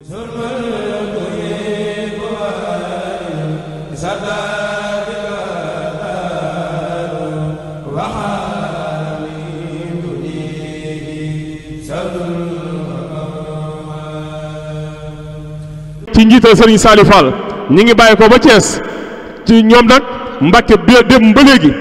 ci njiital Serigne Saliou Fall ñi ngi bàyyi ko ba Thiès ci ñoom nag Mbàkke bi démb ba léegi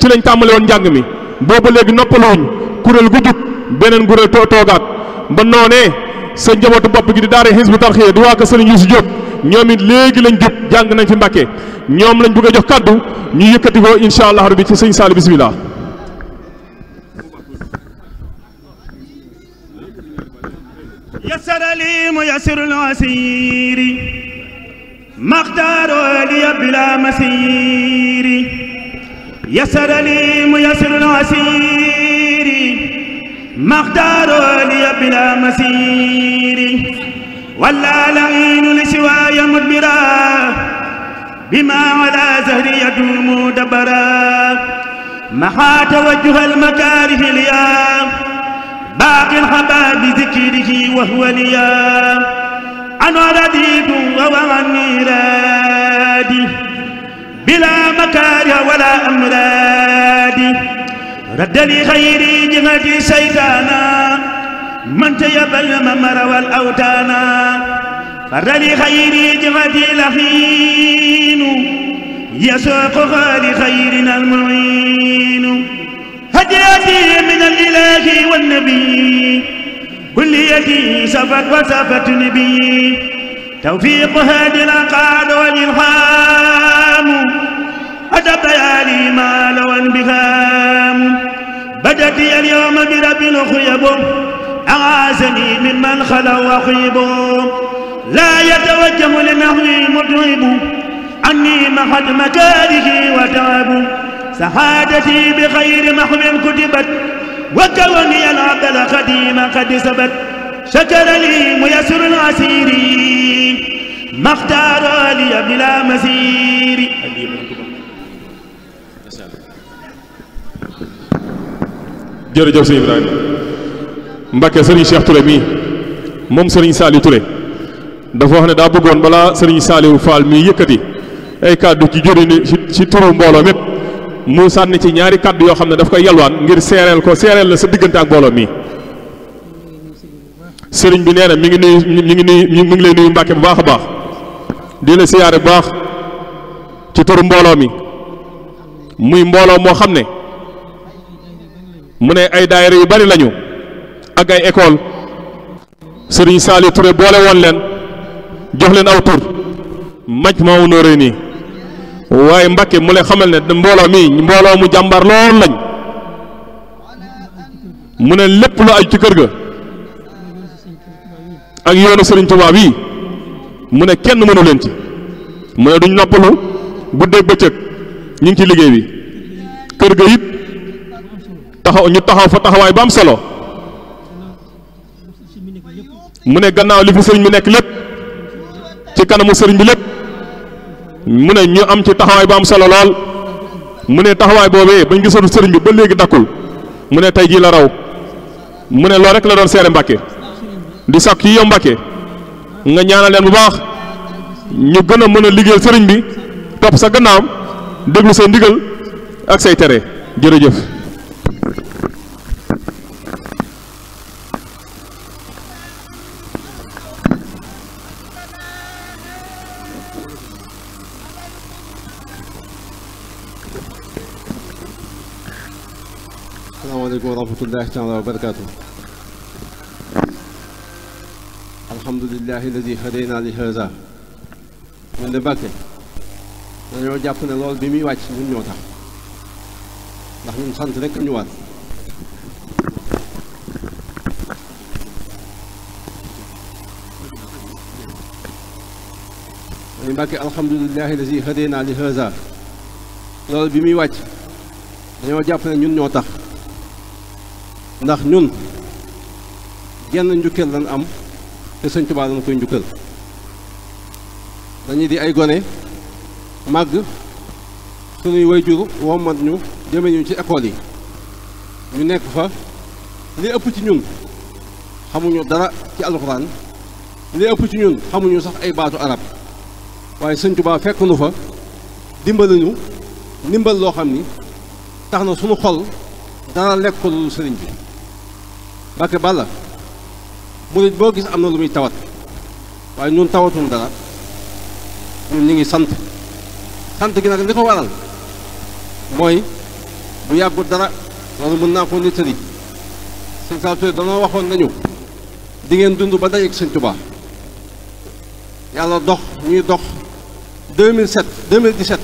ci lañ tàmbale njàng mi booba léegi noppaluwuñ kuréel gu jug beneen kuréel toogaat ba noonee sa njabootu bopp gi di daara Hizbut Tarqiyyah di waa ko Sëriñ Yuusu Jóob ñoom it léegi lañ jub jàng nañ fi Mbàkke ñoom lañ bëgg a jox kàddu ñu yëkkati ko incha allah rabbi ci sëñ Saali bisimilah. مختار لي بلا مسير ولا لعين لسواي مدبرا بما على زهري يدوم دبرا محا توجه المكاره ليا باقي الحبا بذكره وهو ليا أنا رديد وعني رادي بلا مكاره ولا أمرادي raddali xayri jëngati saytaana manta yabal ma marawal awtaana raddali xayri jëngati laxiinu yasuuqu xaali xayrin almuinu hadiyaati min al ilaahi wa nabi kulliyati safat wa safat nabi tawfiiq haadi al aqaad wal ilhaam بدأتي اليوم برب خيب أعاسني ممن خلا وخيب لا يتوجه لنحوي مطعب عني محد مكاره وتعب سعادتي بخير محو كتبت وكوني العقل قديما قد سبت شكر لي ميسر العسير ما اختار لي بلا مسير jërëjëf sëñ Ibrahima Mbacke sëriñ Cheikh Touré mii moom sëriñ Saliou Touré dafa wax ne daa bëggoon balaa sëriñ Saliou Fall mii yëkkati ay kàddu ci jëriñu ci ci turu mbooloo mépp mu sànni ci ñaari kàddu yoo xam ne daf koy yalwaan ngir seereel ko seereel la sa diggante ak mbooloo mii sëriñ bi nee na mi ngi nuyu mi ngi nuyu mu ngi leen nuyu Mbacke bu baax a baax di la siyaare baax ci turu mbooloo mi muy mbooloo moo xam ne. mu ne ay daayira yu bari lañu ak ay école sëriñ Saali Touré boole woon leen jox leen aw tur Majmahun Nurayni waaye Mbàkke mu lay xamal ne mbooloo mi mbooloo mu jàmbar lool lañ mu ne lépp lu aju ci kër ga ak yoonu sëriñ Tuubaa yi mu ne kenn mënu ci mu ne duñ noppalu guddeeg bëccëg ñu ngi ci liggéey bi kër ga it taxaw ñu taxaw fa taxawaay bu am solo mu ne gannaaw li fi sëriñ bi nekk lépp ci kanamu sëriñ bi lépp mu ne ñu am ci taxawaay bu am solo lool mu ne taxawaay boobee bañ gisoon sëriñ bi ba léegi dakkul mu ne tey jii la raw mu ne loo rek la doon seere Mbàkke di sàkk ci yow Mbàkke nga ñaanal leen bu baax ñu gën a mën a liggéeyal sëriñ bi topp sa gannaaw déglu say ndigal ak say tere jërëjëf. rahmatullahi taala wa barakatuh alhamdulilahi alladi dañoo jàpp ne loolu bi muy wàcc ñun ñoo tax ndax ñun sant rek ñu war ñu Mbàkke alhamdulilahi alladi hadayna li haza loolu bi muy wàcc dañoo jàpp ne ñun ñoo tax ndax ñun genn njukkal lañ am te sëñ Tuubaa koy njukkal dañuy di ay gone màgg suñuy wayjur wommat ñu jëme ñu ci école yi ñu nekk fa li ëpp ci ñun xamuñu dara ci alxuraan li ëpp ci ñun xamuñu sax ay baatu arab waaye sëntubaa Tuubaa fekk nu fa dimbali ñu ndimbal loo xam ni tax na suñu xol dara lekkul sëriñ bi Mbàkke bàlla murit boo gis am na lu muy tawat waaye ñun tawatum dara ñun ñu ngi sant sant gi nag li ko waral mooy bu yàggu dara loolu mën naa ko nettali sëñ Saal Touré danoo waxoon nañu di ngeen dund ba dajeeg sëñ Tuubaa yàlla dox ñuy dox 2007 2017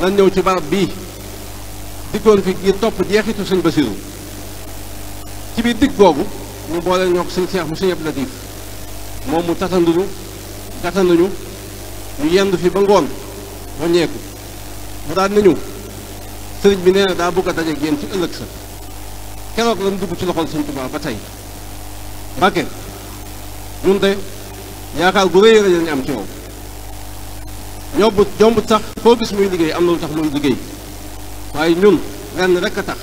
lan ñëw ci barab bii dikkoon fi ngir topp jeexitu sëñ Basiru ci biir digg googu ñu boole ñoo ko suñu seex mu suñu Abdou Latif moom mu tatanduñu gàttanduñu ñu yendu fi ba ngoon waññeeku mu daan nañu sëriñ bi nee na daa bugg a daje génn ci ëllëg sa keroog lañ dugg ci loxol Sëriñ Tuubaa ba tey Mbàkke ñun de yaakaar gu rëy rëy lañu am ci yow ñobbut jombut sax koo gis muy liggéey am na lu tax muy liggéey waaye ñun lenn rekk a tax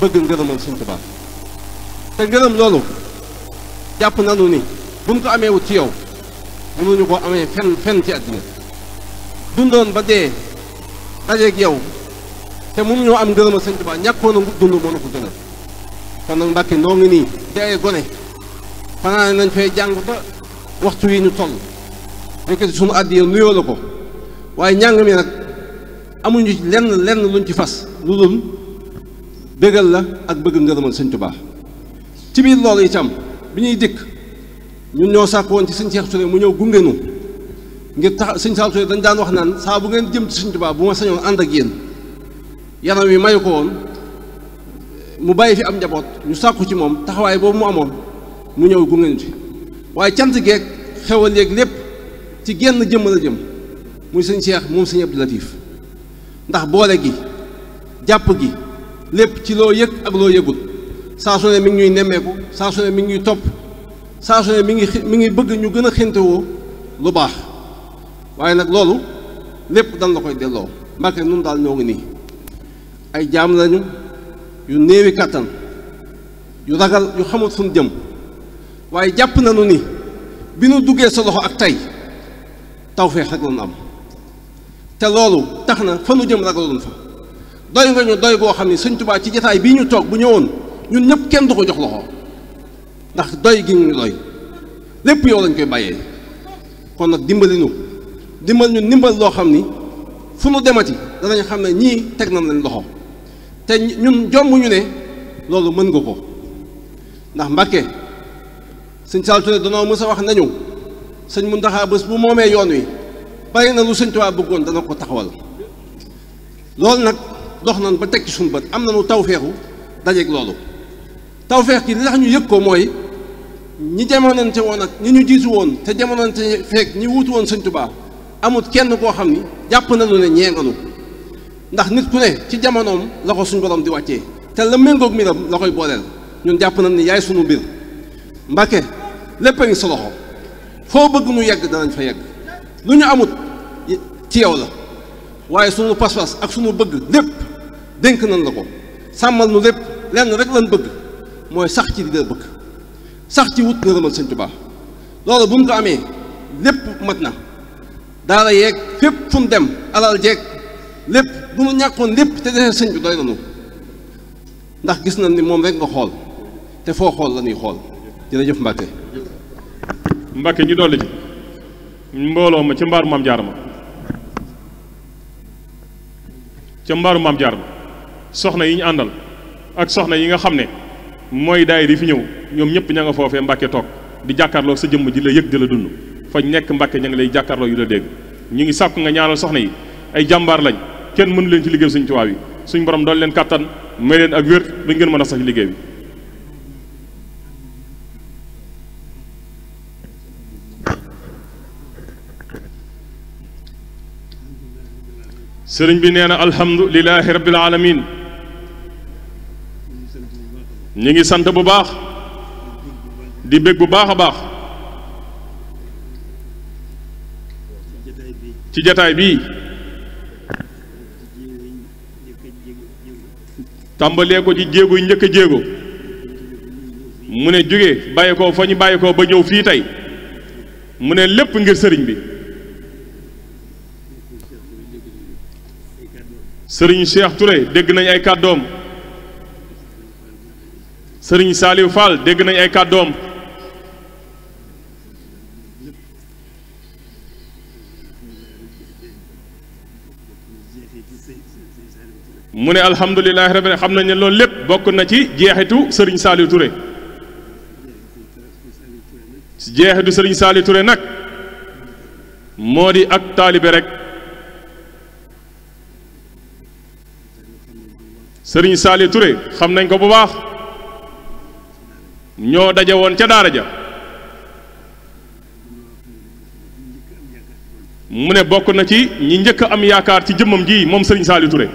bëgg ngërëmal Sëriñ Tuubaa te ngërëm loolu jàpp nanu ni buñ ko amee wut ci yow mënuñu ko amee fenn fenn ci àddina dundoon ba dee dajeeg yow te mënuñoo am ngërëm a sëñ Tuubaa ñàkkoon dund moo na ko gënal kon nag Mbàkke noo ngi nii di ay gone fanaan nañ fay jàng ba waxtu yi ñu toll yëkkati suñu àddi yow nuyoo la ko waaye njàng mi nag amuñu lenn lenn luñ ci fas lu dul bégal la ak bëgg ngërëmal sëñ baax ci biir loolu itam bi ñuy dikk ñun ñoo sàkk woon ci sëñ Cheikh Touré mu ñëw gungeenu nu ngir tax sëñ Cheikh Touré dañ daan wax naan saa bu ngeen jëm ci sëñ Tuubaa bu ma sañoon ànd ak yéen yaram wi mayu ko woon mu bàyyi fi am njaboot ñu sàkku ci moom taxawaay boobu mu amoon mu ñëw gunge ci waaye cant geek xewal yeeg lépp ci genn jëmm la jëm muy sëñ Cheikh moom sëñ Abdou Latif ndax boole gi jàpp gi lépp ci loo yëg ak loo yëgul saa su mi ngi ñuy nemmeeku saa su mi ngi ñuy topp saa mi ngi mi ngi bëgg ñu gën a xintewoo lu baax waaye nag loolu lépp dan la koy delloo Mbàkke nun daal ñoo ngi nii ay jaam lañu yu néewi kàttan yu ragal yu xamul suñ jëm waaye jàpp nañu ni bi nu duggee sa loxo ak tey tawfeex rek lañu am te loolu tax na fa nu jëm ragaloon fa doy nga ñu doy goo xam ne Sëñ Tuubaa ci jataay bii ñu toog bu ñëwoon ñun ñëpp kenn du ko jox loxo ndax doy gi ñu doy lépp yow lañ koy bàyyee kon nag dimbali nu dimbal ñu ndimbal loo xam ni fu nu demati danañ xam ne ñii teg nañ leen loxo te ñun jomb ñu ne loolu mën nga ko ndax Mbàkke sëñ Saliou Touré danoo mës a wax nañu sëñ Muntaxa bés bu moomee yoon wi bari na lu sëñ Tuubaa bëggoon dana ko taxawal loolu nag dox nañ ba teg ci suñu bët am na nu tawféexu dajeeg loolu tawfeex gi li tax ñu yëg ko mooy ñi jamonante woon ak ñi ñu jiitu woon te jamonante feek ñi wuutu woon sëñ Tuubaa amut kenn koo xam ni jàpp nañu ne ñee nganu ndax nit ku ne ci jamonoom la ko suñ borom di wàccee te la méngoog mbiram la koy booleel ñun jàpp nañ ni yaay sunu mbir mbake lépp a ngi sa loxo foo bëgg nu yegg danañ fa yegg lu ñu amut ci yow la waaye sunu pas-pas ak sunu bëgg lépp dénk nañ la ko sàmmal nu lépp lenn rek lañ bëgg mooy sax ci li la bëgg sax ci wut ngërëmal sëñ Tuubaa loolu bu mu ko amee lépp mat na daara yeeg fépp fu mu dem alal jeeg lépp bu mu ñàkkoon lépp te defee sëñ bi doy nanu ndax gis nañ ni moom rek nga xool te foo xool la ñuy xool jërëjëf Mbàkke Mbàkke ñu dolli ci mbooloo ma ca mbaaru maam jaar ma ca mbaaru maam jaar ma soxna yi ñu àndal ak soxna yi nga xam ne mooy daayira yi fi ñëw ñoom ñëpp ña nga foofee mbàkke toog di jàkkaarloo sa jëmm ji la yëg di la dund fañ nekk mbàkke ña ngi lay jàkkaarloo yu la dégg ñu ngi sàkku nga ñaanal soxna yi ay jàmbaar lañ kenn mënu leen ci liggéey suñu tubaab yi suñ borom doon leen kàttan may leen ak wér dañ gën mën a sax liggéey bi sëriñ bi nee na alhamdulilahi rabbil alamin ñu ngi sant bu baax di bég bu baax a baax ci jataay bii tàmbalee ko ci jéego yu njëkk a jéego mu ne jóge bàyyi ko fa ñu bàyyi ko ba ñëw fii tey mu ne lépp ngir sëriñ bi sëriñ Cheikh ture dégg nañ ay kàddoom sëriñ Saliou Fall dégg nañ ay kàddoom mu ne alhamdulilahi rabbil xam nañ ne loolu lépp bokk na ci jeexitu sëriñ Saliou ture jeexitu sëriñ Saliou ture nag moo di ak taalibe rek sëriñ Saliou Touré xam nañ ko bu baax ñoo daje woon ca daara ja mu ne bokk na ci ñi njëkk am yaakaar ci jëmmam ji moom sëriñ Saliou Touré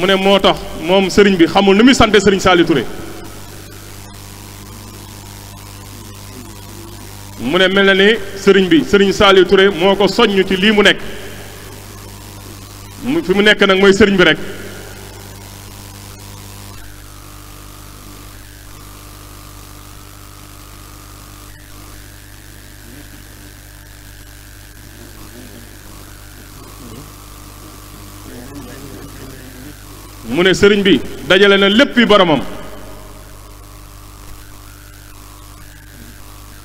mu ne moo tax moom sëriñ bi xamul ni muy sante sëriñ Saliou ture mu ne mel na ni Serigne bi sëriñ Saliou Touré moo ko soññ ci lii mu nekk. mu fi mu nekk nag mooy sëriñ bi rek mu ne sëriñ bi dajale na lépp yi boromam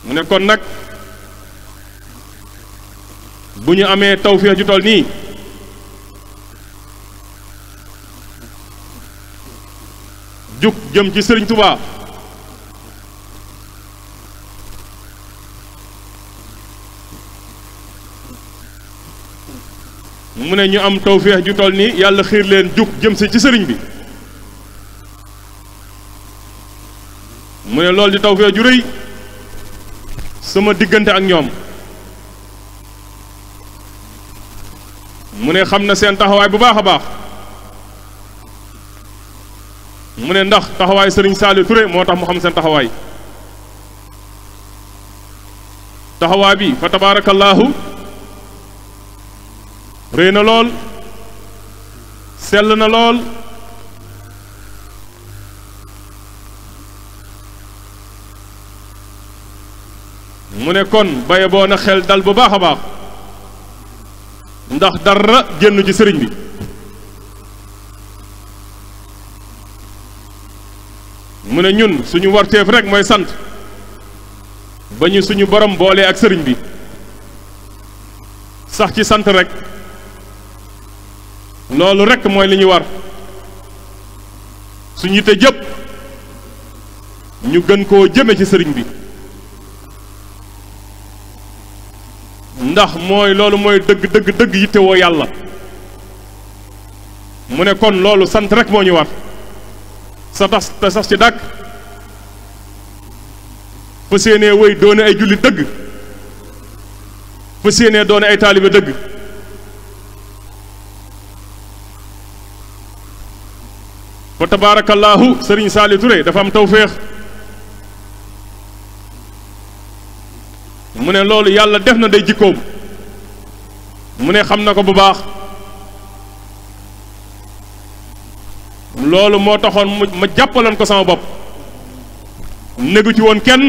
mu ne kon nag bu ñu amee tawfeex ju toll nii jëm ci sëriñ Touba mu ne ñu am tawféex ju toll ni yàlla xiir leen jug jëm si ci sëriñ bi mu ne loolu di tawféex ju rëy sama diggante ak ñoom mu ne xam na seen taxawaay bu baax a baax mu ne ndax taxawaay sëriñ saali Touré moo tax mu xam seen taxawaay taxawaay bi fa tabaarakallaahu réy na lool sell na lool mu ne kon baye boo na xel dal bu baax a baax ndax dara génn ci sëriñ bi mu ne ñun suñu warteef rek mooy sant ba suñu borom boolee ak sëriñ bi sax ci sant rek loolu rekk mooy li ñuy war suñu te jëpp ñu gën koo jëme ci sëriñ bi ndax mooy loolu mooy dëgg dëgg dëgg yittewoo yàlla mu ne kon loolu sant rek moo ñu war sa tax te sax ci dàkk fa séenee woy doone ay jullit dëgg fa séenee doone ay taalibe dëgg fa tabaarakallaahu sëriñ Saali Ture dafa am tawféex mu ne loolu yàlla def na day jikkoom mu ne xam na ko bu baax loolu moo taxoon ma jàppaloon ko sama bopp négu ci woon kenn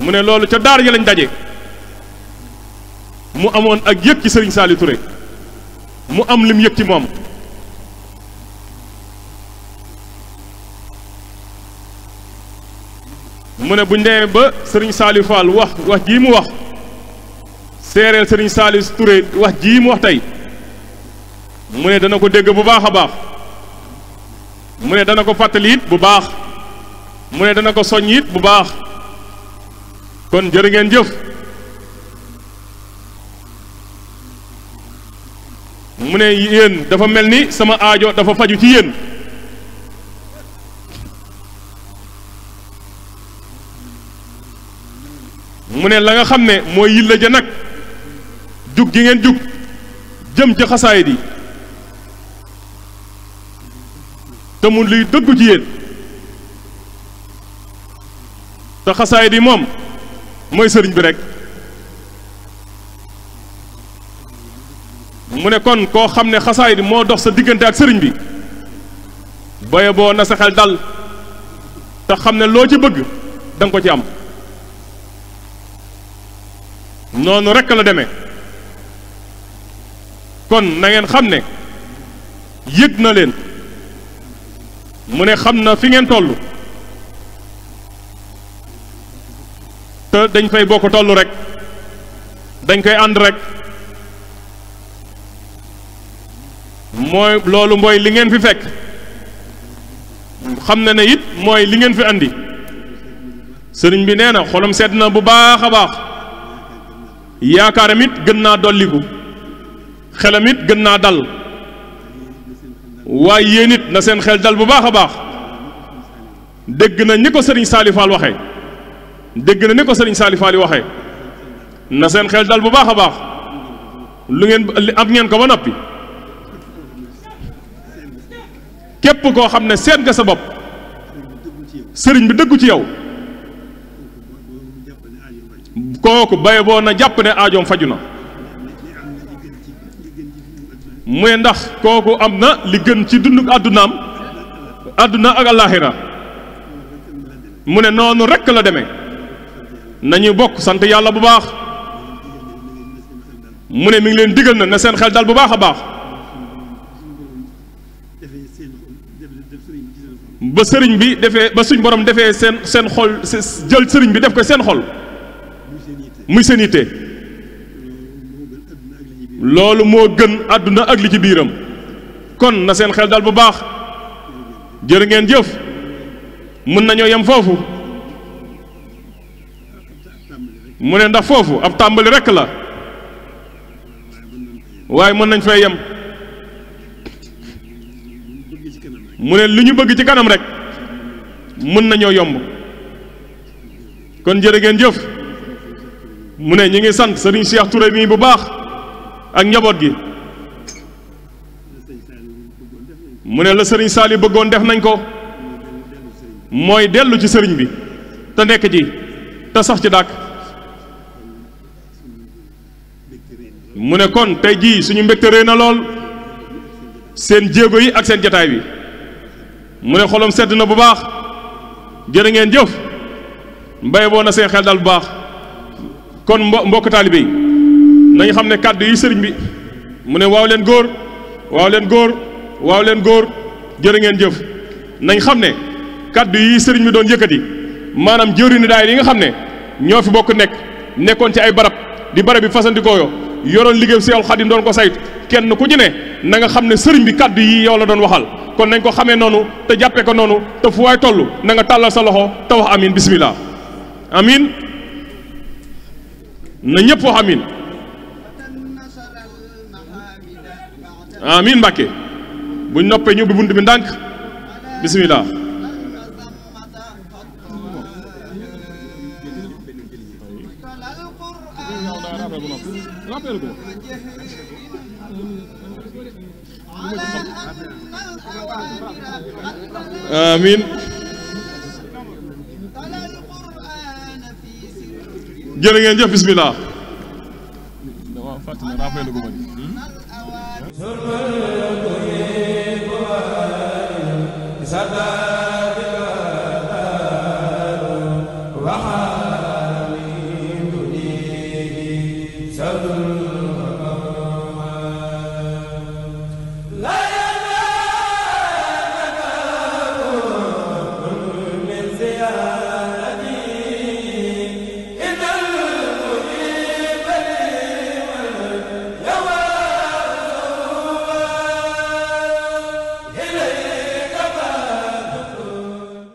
mu ne loolu ca daar ja lañ daje mu amoon ak yëg ci sëriñ saali Touré mu am lim yëg ci moom mu ne buñ demee ba sëriñ Saliou Fall wax wax jii mu wax séeréel sëriñ Saliou Touré wax ji mu wax tey mu ne dana ko dégg bu baax a baax mu ne dana ko fàttali bu baax mu ne dana ko soññ bu baax kon jërë ngeen jëf mu ne yéen dafa mel ni sama aajo dafa faju ci yéen mu ne la nga xam ne moo yilla ja nag jug gi ngeen jug jëm ci xasaayit yi te mu luy dëggu ci yéen te xasaay di moom mooy sëriñ bi rek mu ne kon koo xam ne xasaay di moo dox sa diggante ak sëriñ bi boye boo na sa xel dal te xam ne loo ci bëgg danga ko ci am noonu rekk la deme kon nangeen xam ne yëg na leen mu ne xam na fi ngeen tollu te dañ koy bokk toll rek dañ koy ànd rek mooy loolu mooy li ngeen fi fekk xam na ne it mooy li ngeen fi andi sëriñ bi nee na xolam sedd na bu baax a baax yaakaaram it gën naa dolliku xelam it gën naa dal waaye yéen it na seen xel dal bu baax a baax dégg na ñi ko sëriñ Saali waxe dégg na ni ko sëriñ Saali Faal waxe na seen xel dal bu baax a baax lu ngeen am ngeen ko ba noppi képp koo xam ne seet nga sa bopp sëriñ bi dëggu ci yow kooku baye boo na jàpp ne aajoom faju na mooy ndax kooku am na li gën ci dund àddunaam àdduna ak àllaaxira mu ne noonu rekk la deme nañu bokk sant yàlla bu baax mu ne mi ngi leen digal na na seen xel dal bu baax a baax ba sëriñ bi defee ba suñ borom defee seen seen xol jël sëriñ bi def ko seen xol muy seen yitte loolu moo gën àdduna ak li ci biiram kon na seen xel dal bu baax jërë ngeen jëf mën nañoo yem foofu mu ne ndax foofu ab tàmbali rekk la waaye mën nañ fay yem mu ne li ñu bëgg ci kanam rek mën nañoo yomb kon jër ngeen jëf mu ne ñi ngi sant Serigne Cheikh Touré mii bu baax ak njaboot gi mu ne la sëriñ Saali bëggoon def nañ ko mooy dellu ci sëriñ bi te nekk ci te sax ci dàkk mu ne kon tey jii suñu mbégte réy na lool seen jéego yi ak seen jataay bi mu ne xolom sedd na bu baax jërë ngeen jëf mbay boo na seen xel daal bu baax kon mbo mbokk taalibe yi nañ xam ne kàddu yi sëriñ bi mu ne waaw leen góor waaw leen góor waaw leen góor jërë ngeen jëf nañ xam ne kàddu yi sëriñ bi doon yëkkati maanaam jëwriñu daay yi nga xam ne ñoo fi bokk nekk nekkoon ci ay barab di barab bi fasandikoo yo yoroon liggéey Seexul Xadim doon ko say kenn ku ci ne na nga xam ne sëriñ bi kàddu yi yow la doon waxal kon nañ ko xamee noonu te jàppee ko noonu te fu waay toll nanga tàllal sa loxo te wax amin bismillah amin na ñëpp wax amin amin Mbàkke buñ noppee ñu ubbi bunt bi ndànk bisimilah. amin jërë ngeen jëf bisimilah.